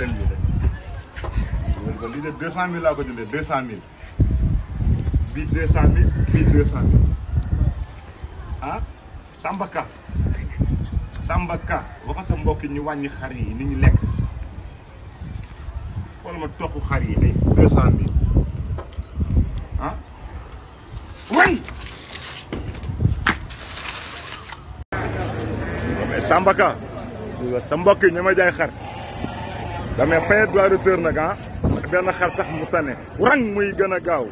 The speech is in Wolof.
leen lii rek. lii de 200000 laa ko jëndee 200000 bii 200000 bii 200000 ah Samba Ka Samba Ka waxa sa mbokk ñu wàññi xar yi ni ñu lekk wala ma toq xar yi ay 200000 ah way Samba Ka sa mbokk ñu ma jaay xar. damay fay droit d'auteur nag ah benn xar sax mu tane rang muy gën a gaaw